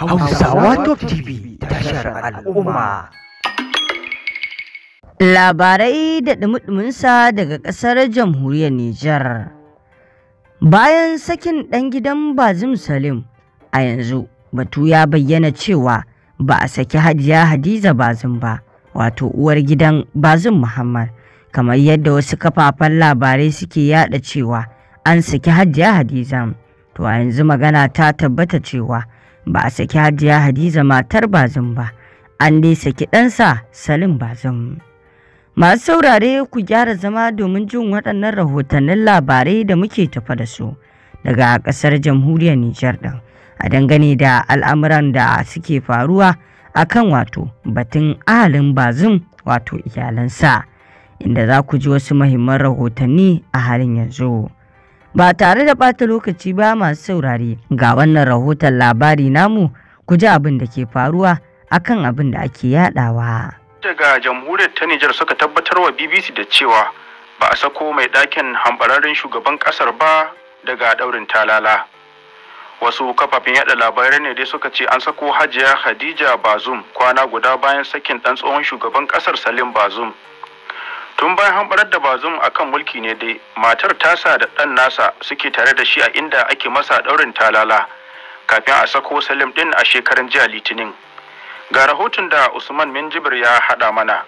Hausawa Top TV tashar al'umma. Labarai da ɗumi daga ƙasar jamhuriyar Nijar. Bayan sakin ɗan gidan Bazim Salim a yanzu batu ya bayyana cewa ba a saki hajiya Hadiza Bazim ba, wato uwar gidan Bazim Muhammad, kamar yadda wasu kafafen labarai suke yada cewa an saki hajiya Hadiza. To a yanzu magana ta tabbata cewa. ba a saki hajiya hadiza matar bazum ba an dai saki ɗansa salim bazum masu saurare ku gyara zama domin jin waɗannan rahotannin labarai da muke tafa da su daga ƙasar jamhuriyar nijar ɗin a dangane da al'amuran da suke faruwa a kan wato batun ahalin bazum wato iyalansa inda za ku ji wasu mahimman rahotanni a halin yanzu. ba tare da ɓata lokaci ba masu saurare ga wannan rahoton labari namu ku ji abin da ke faruwa akan abin da ake yadawa. daga jamhuriyar ta Nijar suka tabbatar wa BBC da cewa ba a sako mai ɗakin hambararren shugaban ƙasar ba daga ɗaurin talala. Wasu kafafen yada labarai ne dai suka ce an sako Hajiya Khadija Bazum kwana guda bayan sakin ɗan tsohon shugaban ƙasar Salim Bazum tun bayan hamɓarar da bazum a kan mulki ne dai matar tasa da ɗan nasa suke tare da shi a inda ake masa ɗaurin talala kafin a sako salim ɗin a shekaran jiya litinin ga rahoton da usman minjibir ya haɗa mana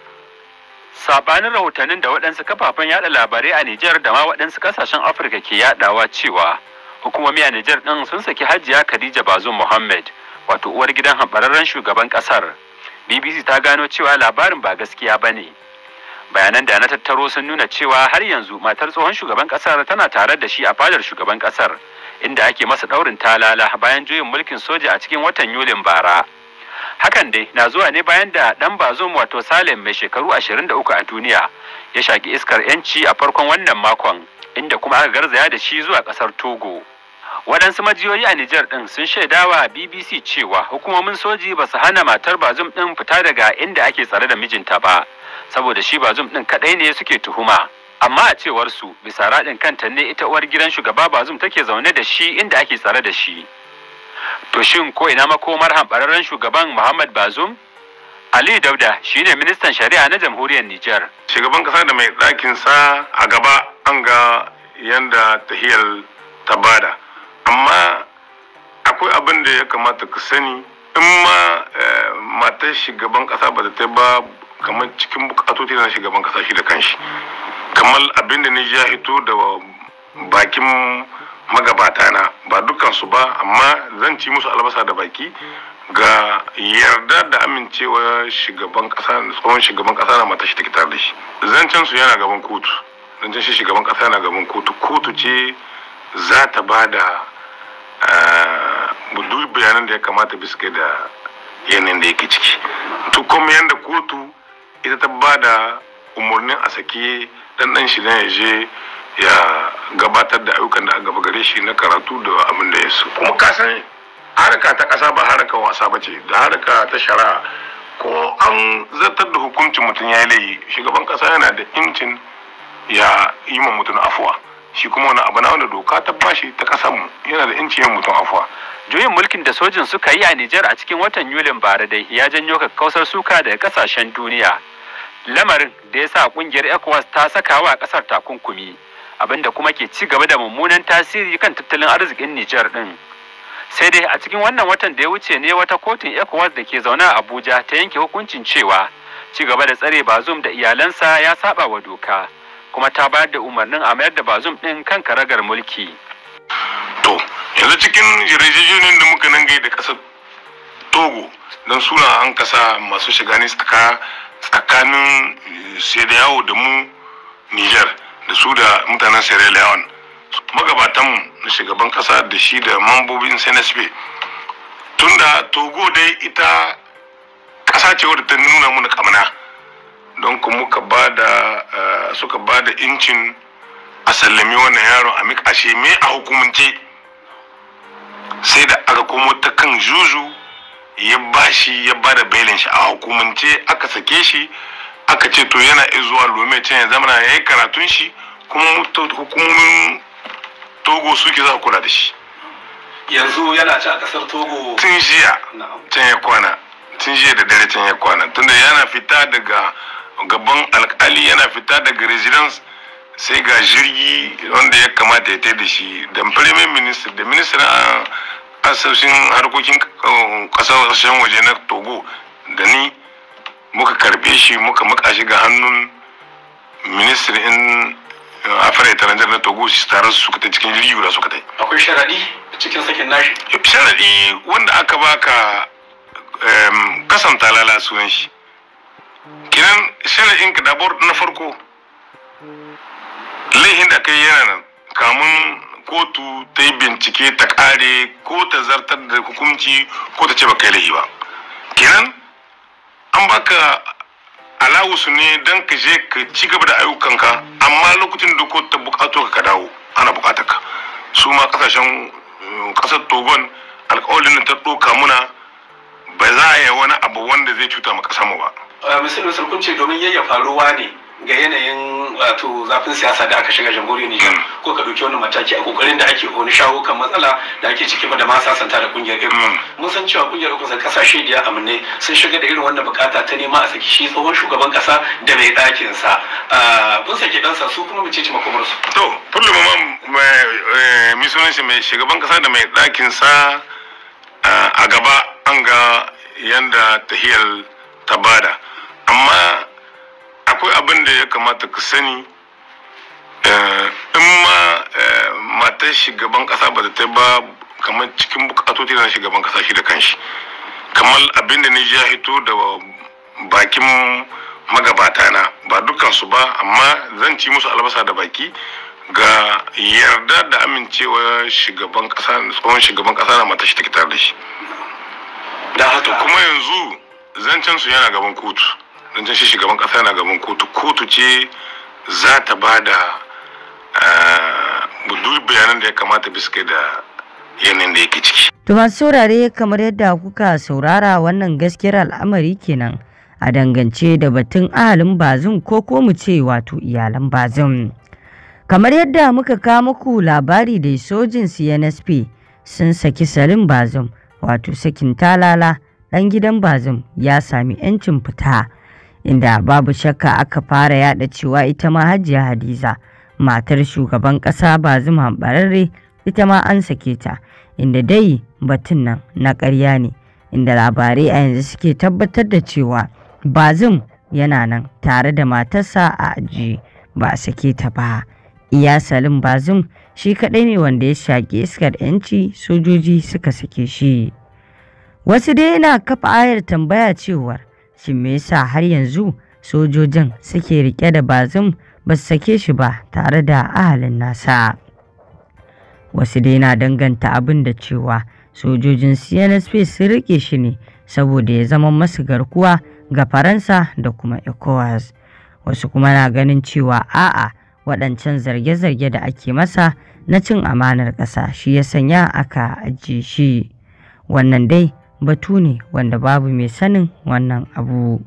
sabanin rahotannin da waɗansu kafafen yaɗa labarai a nijar da ma waɗansu ƙasashen afirka ke yaɗawa cewa hukumomi a nijar ɗin sun saki hajiya khadija bazum muhammad wato uwar gidan habararren shugaban ƙasar bbc ta gano cewa labarin ba gaskiya ba ne bayanan da na tattaro sun nuna cewa har yanzu matar tsohon shugaban kasar tana tare da shi a fadar shugaban kasar inda ake masa daurin talala bayan juyin mulkin soja a cikin watan yulin bara hakan dai na zuwa ne bayan da dan bazum wato salim mai shekaru 23 a duniya ya shaki iskar yanci a farkon wannan makon inda kuma aka garzaya da shi zuwa kasar togo waɗansu majiyoyi a Nijar ɗin sun shaida wa BBC cewa hukumomin soji ba su hana matar Bazum ɗin fita daga inda ake tsare da mijinta ba, saboda shi Bazum ɗin kaɗai ne suke tuhuma. Amma a cewar su bisa raɗin kanta ne ita uwar gidan shugaba Bazum take zaune da shi inda ake tsare da shi. To shin ko ina makomar hanɓararren shugaban Muhammad Bazum? Ali Dauda shi ne ministan shari'a na jamhuriyar Nijar. Shugaban ƙasa da mai ɗakinsa a gaba an ga yanda tahiyar ta bada. amma akwai abin da ya kamata ka sani in ma eh, matar shugaban kasa ba ta ba kamar cikin bukatoci na shugaban kasa shi da kanshi kamar abin da ni ya hito da bakin magabata na ba dukansu ba amma zan ci musu albasa da baki ga yarda da amincewa shugaban kasa tsohon shugaban kasa na matashi ta kitar da shi zancen su yana gaban kotu zancen shi shugaban kasa yana gaban kotu kotu ce za ta ba da Ah, duk bayanan da ya kamata biske da yanayin da yake ciki duk kuma kotu ita ta ba da umarnin a saki ɗanɗan shi na ya je ya gabatar da ayyukan da gaba gare shi na karatu da abin da ya kuma ka san haraka ta kasa ba haraka wasa ba ce da haraka ta shari'a ko an zartar da hukuncin mutum ya yi laifi shugaban kasa yana da incin ya yi ma mutum afuwa shi kuma wani abu na wanda doka ta bashi ta kasan mu yana da inci yin mutum afuwa juyin mulkin da sojin suka yi a Nijar a cikin watan Yulin bara dai ya janyo kakkausar suka daga kasashen duniya lamarin da ya sa kungiyar ECOWAS ta saka wa kasar takunkumi abinda kuma ke ci gaba da mummunan tasiri kan tattalin arzikin Nijar din sai dai a cikin wannan watan da ya wuce ne wata kotun ECOWAS da ke zaune a Abuja ta yanke hukuncin cewa ci gaba da tsare Bazum da iyalansa ya saba wa doka kuma ta bayar da umarnin a mayar da bazum ɗin kan karagar mulki. To, yanzu cikin yarjejeniyar da muka nan da ƙasar Togo don suna an kasa masu shiga ne tsakanin eh, Sediyawo da mu Nijar da su da mutanen Sierra Leone. Magabatanmu na shugaban ƙasa da shi da mambobin CNSP. Tunda Togo dai ita ƙasa ce wadda ta nuna mana kamna. Don kuma muka ba da suka ba da incin a sallami wannan yaron a mikashe me a hukumance sai da aka komo ta kan juju ya bashi ya ba da belin shi a hukumance aka sake shi aka ce to yana izuwa lome can ya zama ya yi karatun shi kuma hukumomin togo suke za kula da shi yanzu yana ci a kasar togo tun jiya can ya kwana tun jiya da dare can ya kwana tunda yana fita daga gaban alkali yana fita daga residence sai ga jirgi wanda ya kamata ya tai da shi da premier minister da ministan asashin harkokin kasashen waje na togo da ni muka karbe shi muka maka shi ga hannun minister in afirai taranjar na togo su tare su suka ta cikin jirgi guda suka ta akwai sharadi cikin sakin nashi sharadi wanda aka baka kasan talala sunan shi kinan shari'in da dabor na farko laihin da aka yi yana nan kamun kotu ta yi bincike ta kare ko ta zartar da hukunci ko ta ce ba kai laihi ba kenan an baka alawusu ne don ka je ka ci gaba da ayyukanka amma lokacin da kotu ta bukato ka dawo ana bukata ka su ma kasashen kasar eh, togon alkawalin ta ɗoka muna ba za a yi wani abu wanda zai cuta ma ƙasa mu ba Eh, misalin sulkun ce domin yayya faruwa ne ga yanayin wato zafin siyasa da aka shiga jamhuriyar Nijar mm. ko ka dauki wani mataki a kokarin da ake wani shawo kan matsala da ake ciki da ma sasanta da kungiyar irin mm. mun san cewa kungiyar kusan kasashe da amne sun shiga da irin wannan bukata ta nema a saki shi tsohon shugaban kasa da mai dakin sa mun eh, saki dan sa su kuma mu ce makomar su to kullum ma eh, mai sunan shi mai shugaban kasa da mai dakin sa a gaba an ga yanda tahiyar ta bada. amma akwai abin da ya kamata ka sani eh, in ma eh, matar shugaban kasa ba ta ba kamar cikin bukatoci na shugaban kasa shi da kanshi kamar abin da ni ya hito da bakin magabata na ba dukansu ba amma zan ci musu albasa da baki ga yarda da amincewa shugaban kasa tsohon shugaban kasa na matashi ta tare da shi da haka kuma yanzu zancen su yana gaban kotu zancen shi shugaban kasa na gaban kotu kotu ce za ta ba da eh, duk bayanan da ya kamata biske da yanayin da yake ciki. To masu saurare kamar yadda kuka saurara wannan gaskiyar al'amari kenan a dangance da batun ahalin bazin ko ko mu ce wato iyalan bazin. Kamar yadda muka kawo muku labari da sojin CNSP sun saki salin bazin wato sakin talala dan gidan bazin ya sami 'yancin fita. inda babu shakka aka fara yada cewa ita ma hajiya hadiza matar shugaban kasa zuma bararre ita ma an sake ta inda dai batun nan na karya ne inda labarai a yanzu suke tabbatar da cewa bazum yana nan tare da matarsa a ajiye ba a sake ta ba iya salim bazum shi kaɗai ne wanda ya shaƙi iskar 'yanci sojoji suka sake shi wasu dai yana kafa ayar tambaya cewar shin me yasa har yanzu sojojin suke rike da bazum ba su sake shi ba tare da ahalin nasa wasu dai na danganta abin da cewa sojojin cnsp sun rike shi ne saboda ya zama masu garkuwa ga faransa da kuma ecowas wasu kuma na ganin cewa a'a waɗancan zarge-zarge da ake masa na cin amanar ƙasa shi ya sanya aka ajiye shi wannan dai batu ne wanda babu mai sanin wannan abu.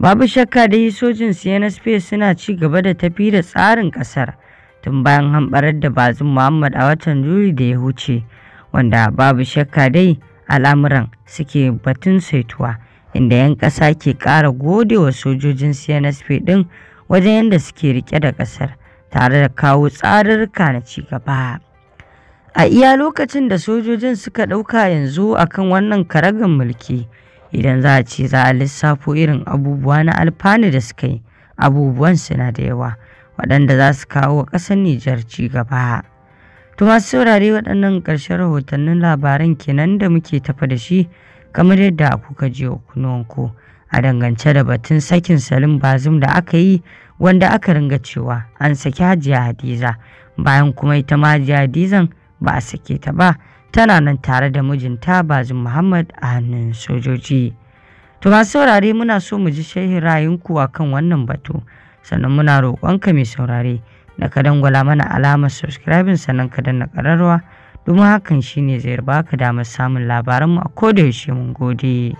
Babu shakka dai sojin CNSP suna ci gaba da tafi da tsarin ƙasar, tun bayan hamɓarar da bazin Muhammad a watan Yuli da ya huce wanda babu shakka dai al'amuran suke batun saituwa inda 'yan ƙasa ke ƙara gode wa sojojin CNSP ɗin wajen yadda suke rike da ƙasar tare da kawo tsarurruka na ci gaba. a iya lokacin da sojojin suka ɗauka yanzu akan wannan karagan mulki idan za a ce za a lissafo irin abubuwa na alfanu da suka yi abubuwan suna da yawa waɗanda za su kawo wa ƙasar Nijar ci gaba. To masu saurare waɗannan ƙarshen rahotannin labaran kenan da muke tafa da shi kamar yadda kuka je kunonku a dangance da batun sakin Salim Bazum da aka yi wanda aka ringa cewa an saki Hajiya Hadiza bayan kuma ita ma Hajiya Hadizan ba a sake ta ba tana nan tare da mijinta bazin muhammad a hannun sojoji to masu saurare muna so mu ji shehin rayunku a kan wannan batu sannan muna roƙonka mai saurare da ka dangwala mana alamar subscribing sannan ka danna ƙararrawa domin hakan shine zai baka damar samun labaranmu a koda yaushe mun gode